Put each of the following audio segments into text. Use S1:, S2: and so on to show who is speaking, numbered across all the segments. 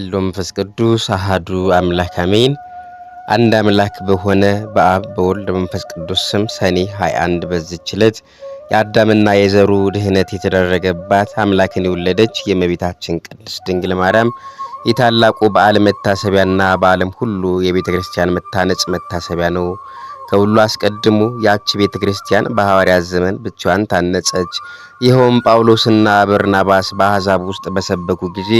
S1: ሎ መንፈስ ቅዱስ አሃዱ አምላክ አሜን። አንድ አምላክ በሆነ በአብ በወልድ መንፈስ ቅዱስ ስም ሰኔ 21 በዚች ዕለት የአዳምና የዘሩ ድህነት የተደረገባት አምላክን የወለደች የእመቤታችን ቅድስት ድንግል ማርያም የታላቁ በዓል መታሰቢያና በዓለም ሁሉ የቤተ ክርስቲያን መታነጽ መታሰቢያ ነው። ከሁሉ አስቀድሞ ያቺ ቤተ ክርስቲያን በሐዋርያት ዘመን ብቻዋን ታነጸች። ይኸውም ጳውሎስና በርናባስ በአሕዛብ ውስጥ በሰበኩ ጊዜ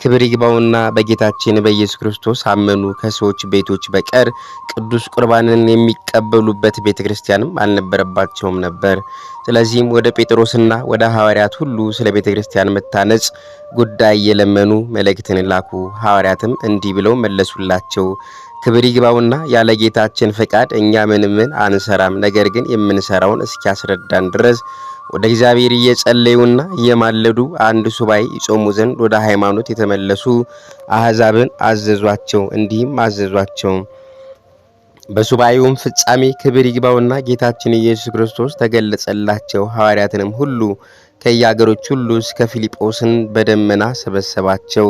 S1: ክብር ይግባውና በጌታችን በኢየሱስ ክርስቶስ አመኑ። ከሰዎች ቤቶች በቀር ቅዱስ ቁርባንን የሚቀበሉበት ቤተ ክርስቲያንም አልነበረባቸውም ነበር። ስለዚህም ወደ ጴጥሮስና ወደ ሐዋርያት ሁሉ ስለ ቤተ ክርስቲያን መታነጽ ጉዳይ የለመኑ መልእክትን ላኩ። ሐዋርያትም እንዲህ ብለው መለሱላቸው ክብር ይግባውና ያለ ጌታችን ፍቃድ እኛ ምን ምን አንሰራም። ነገር ግን የምንሰራውን እስኪያስረዳን ድረስ ወደ እግዚአብሔር እየጸለዩና እየማለዱ አንድ ሱባኤ ይጾሙ ዘንድ ወደ ሃይማኖት የተመለሱ አህዛብን አዘዟቸው። እንዲህም አዘዟቸው። በሱባኤውም ፍጻሜ ክብር ይግባውና ጌታችን ኢየሱስ ክርስቶስ ተገለጸላቸው። ሐዋርያትንም ሁሉ ከየአገሮች ሁሉ እስከ ፊልጶስን በደመና ሰበሰባቸው።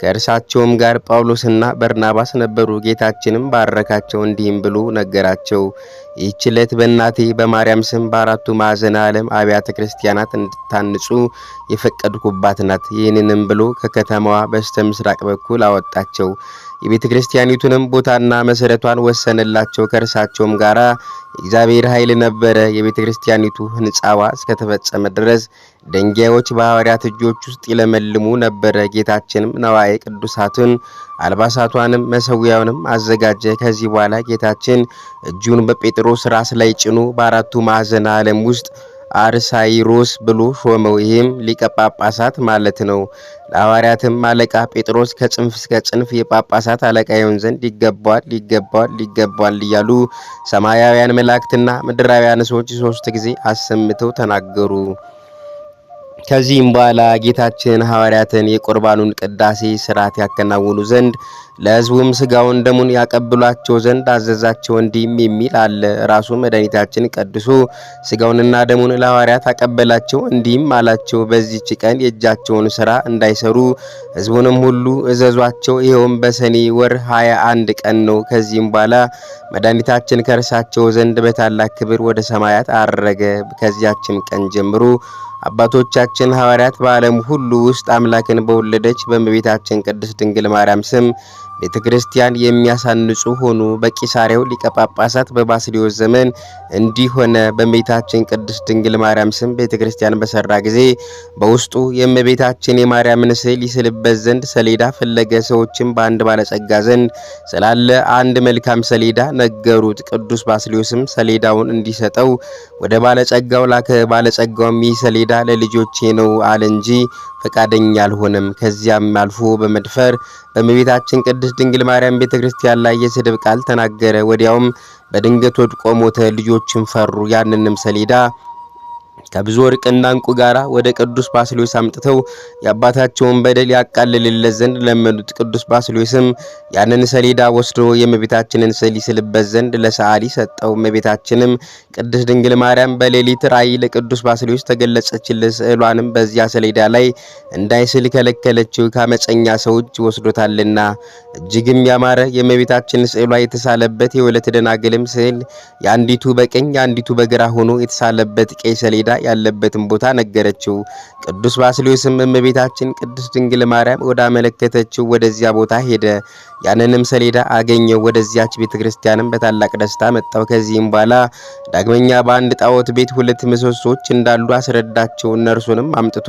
S1: ከእርሳቸውም ጋር ጳውሎስና በርናባስ ነበሩ። ጌታችንም ባረካቸው እንዲህም ብሎ ነገራቸው። ይህች ዕለት በእናቴ በማርያም ስም በአራቱ ማዕዘን ዓለም አብያተ ክርስቲያናት እንድታንጹ የፈቀድኩባት ናት። ይህንንም ብሎ ከከተማዋ በስተ ምስራቅ በኩል አወጣቸው። የቤተ ክርስቲያኒቱንም ቦታና መሰረቷን ወሰነላቸው። ከእርሳቸውም ጋራ የእግዚአብሔር ኃይል ነበረ። የቤተ ክርስቲያኒቱ ህንፃዋ እስከተፈጸመ ድረስ ደንጊያዎች በሐዋርያት እጆች ውስጥ ይለመልሙ ነበረ። ጌታችንም ነዋየ ቅዱሳቱን አልባሳቷንም መሰዊያውንም አዘጋጀ። ከዚህ በኋላ ጌታችን እጁን በጴጥሮስ ራስ ላይ ጭኑ በአራቱ ማዕዘን ዓለም ውስጥ አርሳይሮስ ብሎ ሾመው። ይህም ሊቀ ጳጳሳት ማለት ነው። ለሐዋርያትም አለቃ ጴጥሮስ ከጽንፍ እስከ ጽንፍ የጳጳሳት አለቃ ይሆን ዘንድ ይገባዋል፣ ይገባዋል፣ ይገባዋል እያሉ ሰማያውያን መላእክትና ምድራውያን ሰዎች ሶስት ጊዜ አሰምተው ተናገሩ። ከዚህም በኋላ ጌታችን ሐዋርያትን የቁርባኑን ቅዳሴ ስርዓት ያከናውኑ ዘንድ ለሕዝቡም ስጋውን ደሙን ያቀብሏቸው ዘንድ አዘዛቸው። እንዲህም የሚል አለ። ራሱ መድኃኒታችን ቀድሶ ስጋውንና ደሙን ለሐዋርያት አቀበላቸው። እንዲህም አላቸው፣ በዚች ቀን የእጃቸውን ስራ እንዳይሰሩ ሕዝቡንም ሁሉ እዘዟቸው። ይኸውም በሰኔ ወር ሀያ አንድ ቀን ነው። ከዚህም በኋላ መድኃኒታችን ከእርሳቸው ዘንድ በታላቅ ክብር ወደ ሰማያት አረገ። ከዚያችም ቀን ጀምሮ አባቶቻችን ሐዋርያት በዓለም ሁሉ ውስጥ አምላክን በወለደች በእመቤታችን ቅድስት ድንግል ማርያም ስም ቤተ ክርስቲያን የሚያሳንጹ ሆኑ። በቂሳሪያው ሊቀ ጳጳሳት በባስልዮስ ዘመን እንዲሆነ በእመቤታችን ቅድስት ድንግል ማርያም ስም ቤተ ክርስቲያን በሰራ ጊዜ በውስጡ የእመቤታችን የማርያምን ስዕል ይስልበት ዘንድ ሰሌዳ ፈለገ። ሰዎችም በአንድ ባለጸጋ ዘንድ ስላለ አንድ መልካም ሰሌዳ ነገሩት። ቅዱስ ባስሊዮስም ሰሌዳውን እንዲሰጠው ወደ ባለጸጋው ላከ። ባለጸጋውም ይህ ሰሌዳ ለልጆቼ ነው አለ እንጂ ፈቃደኛ አልሆነም። ከዚያም አልፎ በመድፈር በእመቤታችን ቅድስት ድንግል ማርያም ቤተ ክርስቲያን ላይ የስድብ ቃል ተናገረ። ወዲያውም በድንገት ወድቆ ሞተ። ልጆችን ፈሩ። ያንንም ሰሌዳ ከብዙ ወርቅና እንቁ ጋር ወደ ቅዱስ ባስሎስ አምጥተው የአባታቸውን በደል ያቃልልለት ዘንድ ለመኑት። ቅዱስ ባስሎስም ያንን ሰሌዳ ወስዶ የእመቤታችንን ስዕል ይስልበት ዘንድ ለሰዓሊ ሰጠው። እመቤታችንም ቅድስት ድንግል ማርያም በሌሊት ራእይ ለቅዱስ ባስሎስ ተገለጸችለት። ስዕሏንም በዚያ ሰሌዳ ላይ እንዳይስል ከለከለችው፣ ከአመፀኛ ሰው እጅ ወስዶታልና። እጅግም ያማረ የእመቤታችን ስዕሏ የተሳለበት የወለት ደናግልም ስዕል የአንዲቱ በቀኝ የአንዲቱ በግራ ሆኖ የተሳለበት ቀይ ሰሌዳ ያለበትን ቦታ ነገረችው። ቅዱስ ባስልዮስም እመቤታችን ቅድስት ድንግል ማርያም ወደ አመለከተችው ወደዚያ ቦታ ሄደ። ያንንም ሰሌዳ አገኘው። ወደዚያች ቤተ ክርስቲያንም በታላቅ ደስታ መጣው። ከዚህም በኋላ ዳግመኛ በአንድ ጣዖት ቤት ሁለት ምሰሶች እንዳሉ አስረዳቸው። እነርሱንም አምጥቶ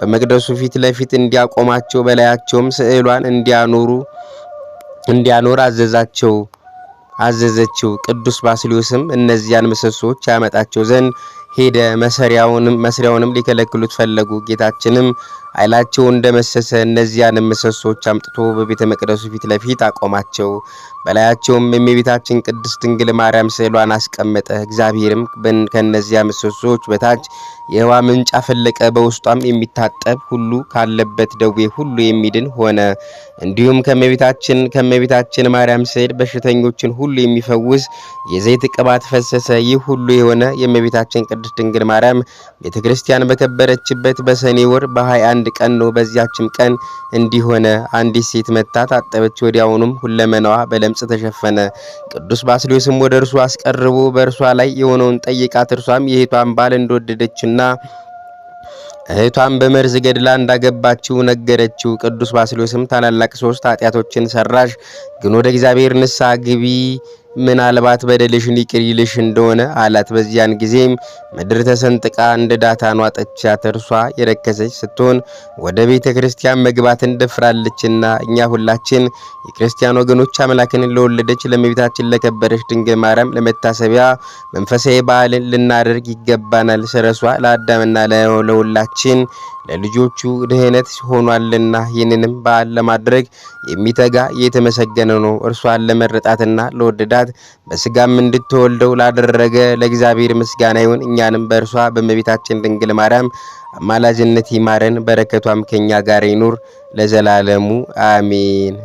S1: በመቅደሱ ፊት ለፊት እንዲያቆማቸው በላያቸውም ስዕሏን እንዲያኖሩ እንዲያኖር አዘዛቸው አዘዘችው። ቅዱስ ባስልዮስም እነዚያን ምሰሶች ያመጣቸው ዘንድ ሄደ። መስሪያውንም ሊከለክሉት ፈለጉ። ጌታችንም ኃይላቸው እንደመሰሰ እነዚያን ምሰሶች አምጥቶ በቤተ መቅደሱ ፊት ለፊት አቆማቸው። በላያቸውም የእመቤታችን ቅድስት ድንግል ማርያም ስዕሏን አስቀመጠ። እግዚአብሔርም ከእነዚያ ምሰሶች በታች የውሃ ምንጭ አፈለቀ። በውስጧም የሚታጠብ ሁሉ ካለበት ደዌ ሁሉ የሚድን ሆነ። እንዲሁም ከእመቤታችን ከእመቤታችን ማርያም ስዕል በሽተኞችን ሁሉ የሚፈውስ የዘይት ቅባት ፈሰሰ። ይህ ሁሉ የሆነ የእመቤታችን ቅድስት ድንግል ማርያም ቤተ ክርስቲያን በከበረችበት በሰኔ ወር በ21 ቀን ነው። በዚያችም ቀን እንዲሆነ አንዲት ሴት መታ ታጠበች። ወዲያውኑም ሁለመናዋ በለምጽ ተሸፈነ። ቅዱስ ባስሌዮስም ወደ እርሱ አስቀርቦ በእርሷ ላይ የሆነውን ጠይቃት። እርሷም የሄቷን ባል እንደወደደችና እህቷን በመርዝ ገድላ እንዳገባችው ነገረችው። ቅዱስ ባስሌዮስም ታላላቅ ሶስት ኃጢአቶችን ሰራሽ፣ ግን ወደ እግዚአብሔር ንስሐ ግቢ ምናልባት በደልሽን ይቅር ይልሽ እንደሆነ አላት። በዚያን ጊዜም ምድር ተሰንጥቃ እንደ ዳታኗ ጠቻ ተርሷ የረከሰች ስትሆን ወደ ቤተ ክርስቲያን መግባት እንደፍራለችና እኛ ሁላችን የክርስቲያን ወገኖች አምላክን ለወለደች ለመቤታችን ለከበረች ድንግል ማርያም ለመታሰቢያ መንፈሳዊ በዓልን ልናደርግ ይገባናል። ስረሷ ለአዳምና ለሁላችን ለልጆቹ ድህነት ሆኗልና ይህንንም በዓል ለማድረግ የሚተጋ የተመሰገነ ነው። እርሷን ለመረጣትና ለወደዳ በመርዳት በስጋም እንድትወልደው ላደረገ ለእግዚአብሔር ምስጋና ይሁን። እኛንም በእርሷ በእመቤታችን ድንግል ማርያም አማላጅነት ይማረን፣ በረከቷም ከኛ ጋር ይኑር ለዘላለሙ አሜን።